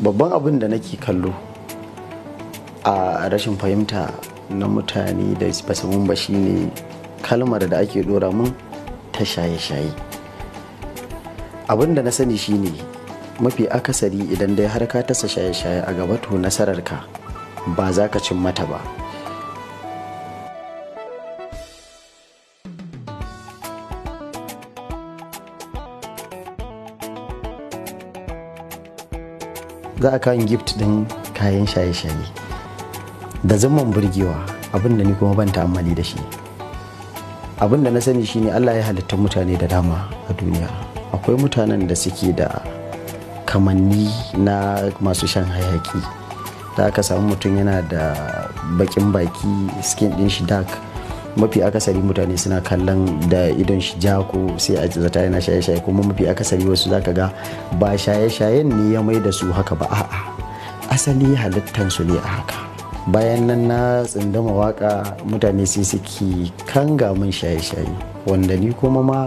babban abin da nake kallo a rashin fahimta na mutane da basamun ba shine kalmar da ake dora mun ta shaye-shaye abin da na sani shine mafi akasari idan dai har ka tasa shaye-shaye a gaba to nasararka ba za ka cin mata ba za a kawo gift din kayan shaye-shaye da zaman burgewa abin ni kuma ban ta'ammali da shi abin da na sani shine allah ya halitta mutane da dama a duniya akwai mutanen da suke da kamanni na masu shan hayaki da aka samu mutum yana da bakin baki skin din shi dark mafi akasari mutane suna kallon da idon shi ja ko sai a zata yana shaye-shaye kuma mafi akasari wasu zaka ga ba shaye-shayen ne ya mai da su haka ba a'a asali halittan su ne a haka bayan nan na tsindama waka mutane sai suke kanga min shaye-shaye wanda ni kuma ma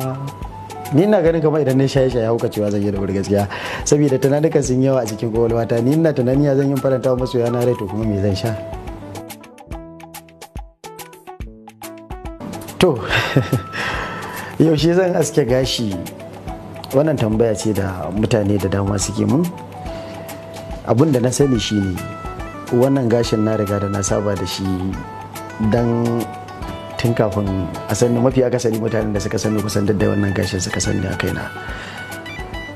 ni na ganin kamar idan na shaye shaye hauka cewa zan yi da wuri gaskiya saboda tunanukan sun yawa a cikin kowalwata ni na tunani ya zan yi faranta masoya na rai to kuma me zan sha to yaushe zan aske gashi wannan tambaya ce da mutane da dama suke mun abin da na sani shine wannan gashin na riga da na saba da shi don tun kafin a sani mafi akasari mutanen da suka sani kusan da wannan gashin suka sani a kaina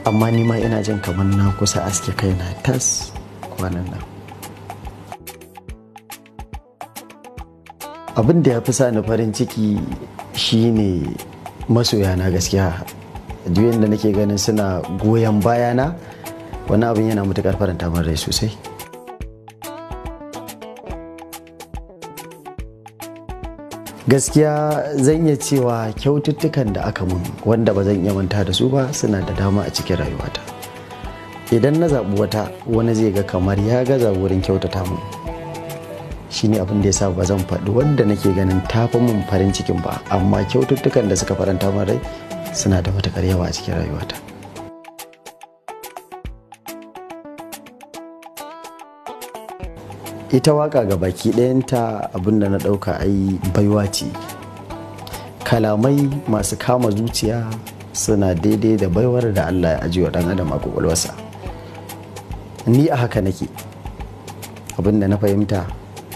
amma ni ma ina jin kamar na kusa aske kaina tas kwanan nan abin da ya fi sa ni farin ciki shine masoya na gaskiya duk da nake ganin suna goyon bayana wani abin yana matukar faranta min rai sosai gaskiya zan iya cewa kyaututtukan da aka mun wanda ba zan iya manta da su ba suna da dama a cikin rayuwata idan na zaɓi wata wani zai ga kamar ya gaza wurin kyautata mun shine abin da yasa ba zan faɗi wanda nake ganin fi mun farin cikin ba amma kyaututtukan da suka faranta min rai suna da matukar yawa a cikin rayuwata ita waka ga baki ɗayanta abin da na ɗauka ai baiwa ce kalamai masu kama zuciya suna daidai da baiwar da allah ya ajiye wa ɗan adam a kwakwalwarsa ni a haka nake abin da na fahimta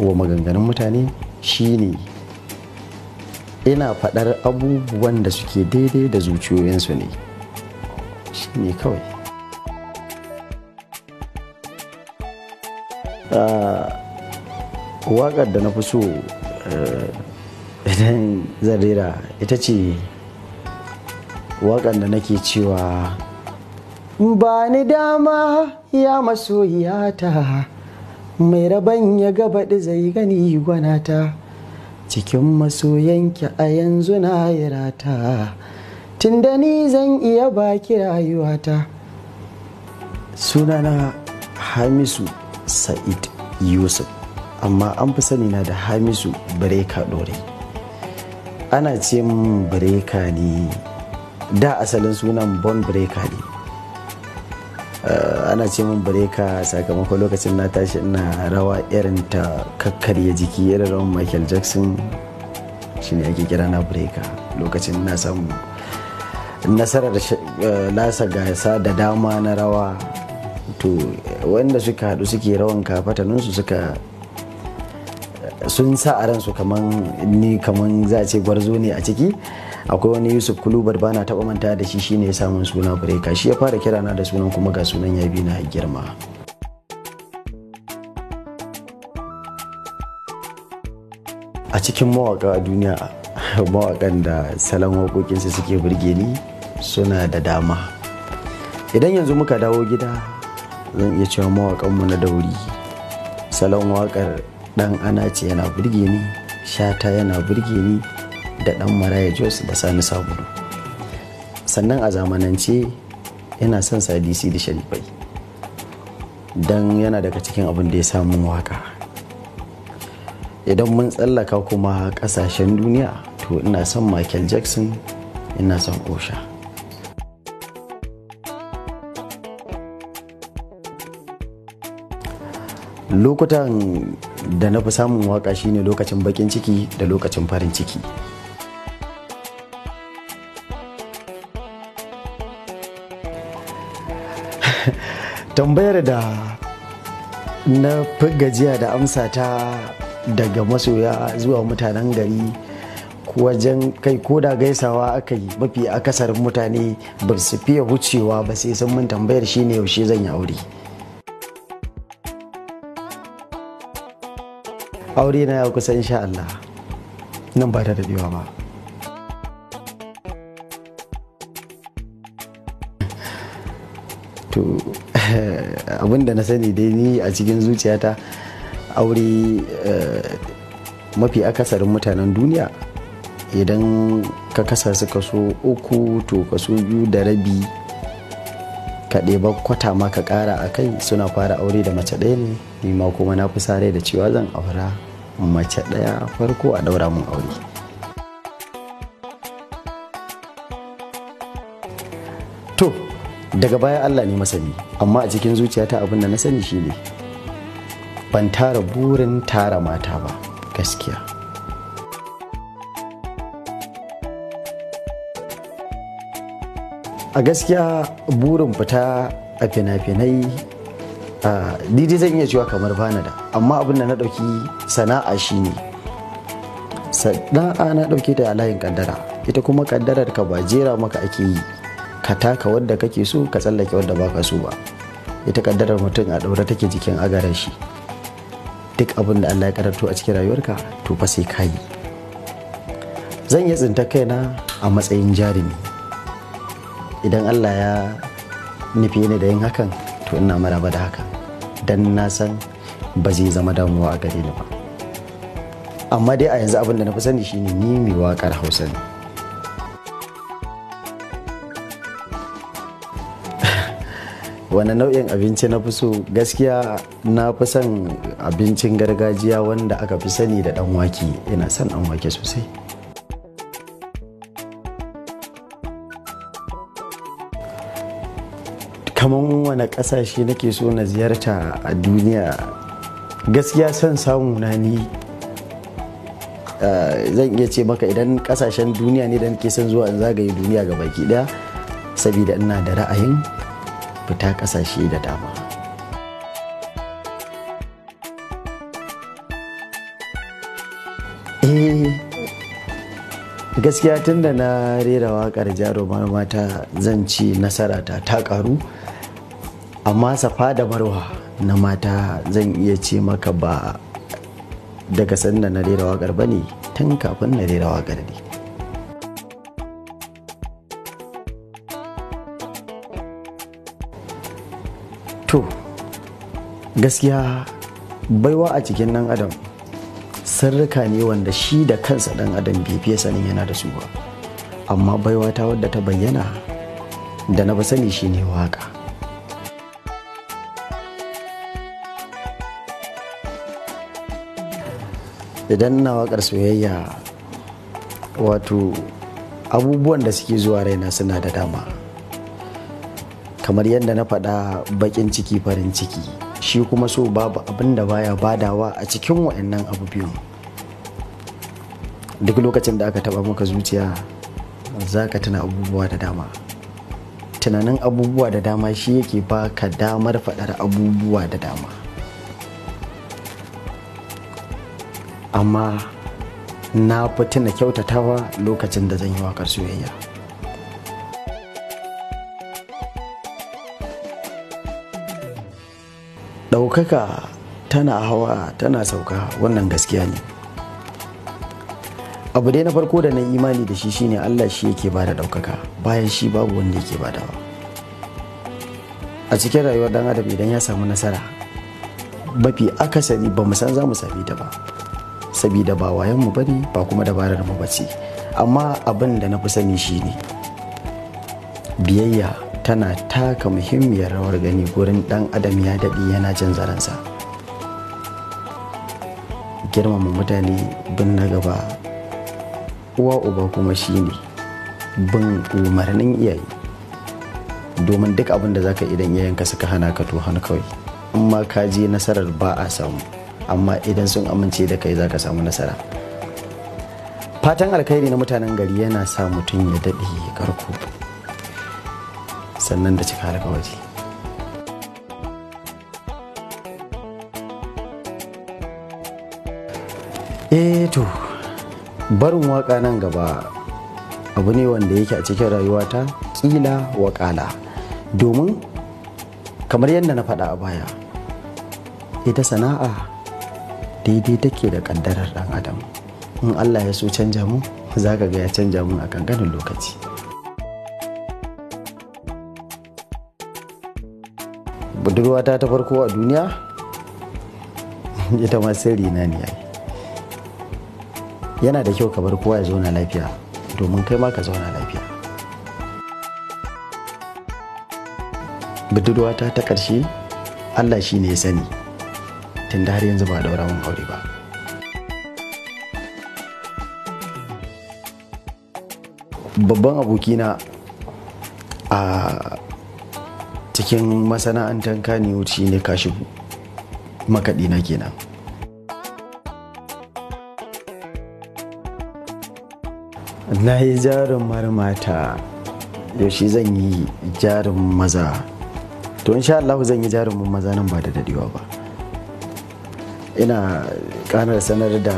wa maganganun mutane shine ina faɗar abubuwan da suke daidai da zuciyoyinsu ne shine kawai ah, waƙar da na fi so eh, idan zan ita ce waƙar da nake cewa ba ni dama ya masoyata mai raban ya gabaɗi zai gani gwanata cikin masoyanki a yanzu na rata tunda ni zan iya baki rayuwata sunana hamisu sa'id yusuf amma an fi sani na da hamisu Breka, ɗore ana ce bireka ne da asalin sunan bon Breka ne Eh, ana ce min bareka sakamakon lokacin na tashi ina rawa irin ta kakkarya jiki irin rawan michael jackson shi ne ake kira na bareka lokacin na samu nasarar eh, lasa gasa da dama na rawa to wanda suka haɗu suke rawan kafataninsu suka eh, sun sa a ransu kaman ni kaman za a ce gwarzo ne a ciki akwai wani yusuf kulubar bana taba manta da shi shine ya samun suna breka shi ya fara kira na da sunan kuma ga sunan ya bi na girma a cikin mawaka a duniya mawakan da salon waƙoƙinsa suke burge ni suna da dama idan yanzu muka dawo gida zan iya cewa mawakanmu na dauri salon waƙar dan ana ce yana burge ni shata yana burge ni da dan maraya jos da sani sabulu sannan a zamanance yana son dc da sharifai don yana daga cikin abin da ya samu waka idan mun tsallaka kuma kasashen duniya to ina son michael jackson ina son osha lokutan da na fi samun waka shine lokacin bakin ciki da lokacin farin ciki tambayar da na fi gajiya da amsa ta daga masoya zuwa mutanen gari wajen kai ko da gaisawa aka yi mafi akasarin mutane ba su fiye wucewa ba sai sun min tambayar shi ne yaushe zan yi aure aure na ya kusa insha Allah nan ba da dadewa ba to abinda na sani dai ni a cikin zuciyata aure eh, mafi akasarin mutanen duniya idan ka kasa su kaso uku to kaso biyu da rabi ka ɗeba kwata ma ka ƙara a kai suna fara aure da mace ɗaya ne ni ma kuma na fi sare da cewa zan aura mace ɗaya farko a ɗaura mun aure to daga baya Allah ne masani amma a cikin zuciyata abin da na sani shine ban tara burin tara mata ba gaskiya a gaskiya burin fita a fina-finai didi zan iya cewa kamar bana da amma abin da na ɗauki sana'a shine sana'a na ɗauke da layin kaddara ita kuma kaddarar ka ba jera maka ake yi ka taka wanda kake so ka tsallake wadda baka so ba ita kaddarar mutum a ɗaure take jikin agarar shi duk abin da Allah ya karanto a cikin rayuwarka to fa sai ka yi zan yi tsinta kaina a matsayin jarumi idan Allah ya nufi ni da yin hakan to ina maraba da haka dan na san ba zai zama damuwa a gare ni ba amma dai a yanzu abin da na fi sani shine ni mai wakar hausa ne wani nau'in abinci na fi so gaskiya na fi son abincin gargajiya wanda aka fi sani da dan wake ina son dan wake sosai kamar wani kasashe nake so na ziyarta a duniya gaskiya son samu na ni eh, zan iya ce maka idan kasashen duniya ne da nake son zuwa zagaye duniya ga baki daya saboda ina da ra'ayin fita ƙasashe da dama eh, gaskiya tun da na rera waƙar jarumar mata zan ci nasara ta ta ƙaru amma safa da barwa na mata zan iya ce maka ba daga sanda na rera waƙar ba ne tun kafin na rera waƙar ne gaskiya baiwa a cikin nan adam sirrika ne wanda shi da kansa dan adam bai fiye sanin yana da su ba amma baiwa ta wadda ta bayyana da na ba sani shi ne waka idan na wakar soyayya wato abubuwan da suke zuwa raina suna da dama kamar yadda na faɗa baƙin ciki farin ciki shi kuma so babu abin da baya badawa a cikin wa'annan abu biyu duk lokacin da aka taba maka zuciya za ka tuna abubuwa da dama tunanin abubuwa da dama shi yake baka damar faɗar abubuwa da dama amma na fi tuna kyautatawa lokacin da zan yi waƙar soyayya ɗaukaka tana hawa tana sauka wannan gaskiya ne abu dai na farko da na imani da shi shine allah shi yake bada ɗaukaka bayan shi babu wanda yake badawa a cikin rayuwar dan adam idan ya samu nasara mafi akasari ba mu san za mu sami ta ba sabida ba wayan mu bane ba kuma dabarar mu bace amma abin da na fi sani shine biyayya tana taka muhimmiyar rawar gani gurin ɗan adam ya daɗe yana jin zaransa girmama mutane bin na gaba uwa uba kuma shine bin umarnin iyaye domin duk abin da zaka idan iyayenka suka hana ka to hana kawai amma ka je nasarar ba a samu amma idan sun amince da kai zaka samu nasara fatan alkhairi na mutanen gari yana sa mutum ya daɗe karko sannan da cika daga waje eh to barin waka nan gaba abu ne wanda yake a cikin rayuwata kila wakala domin kamar yadda na faɗa a baya ita sana'a daidai take da kaddarar ɗan adam in allah ya so canja mu za ka ga ya canja mu a kankanin lokaci budurwata ta farko a duniya ita ma sirri na ne yana da kyau ka bar kowa ya zauna lafiya domin kai ma ka zauna lafiya budurwata ta ƙarshe allah shi ne ya sani tun da har yanzu ba daura mun aure ba babban abokina a cikin masana'antar kaniwood shi ne ka shigo makaɗi na kenan na yi jarumar mata yaushe zan yi jarin maza to insha Allah zan yi jarumin maza nan ba da dadewa ba ina kanar sanar da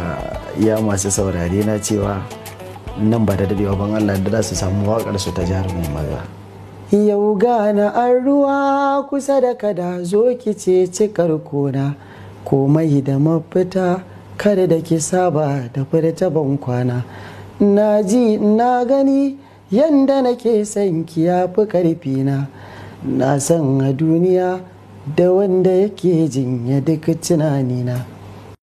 ya masu saurare na cewa nan ba da dadewa ban Allah da za su samu waƙar su ta jarumin maza yau gana an ruwa kusa da kada zo ki ce cikar kona komai da mafita kada da ki saba da furta ban kwana na ji na gani yanda nake son ki ya fi karfi na na san a duniya da wanda yake jinya duk na.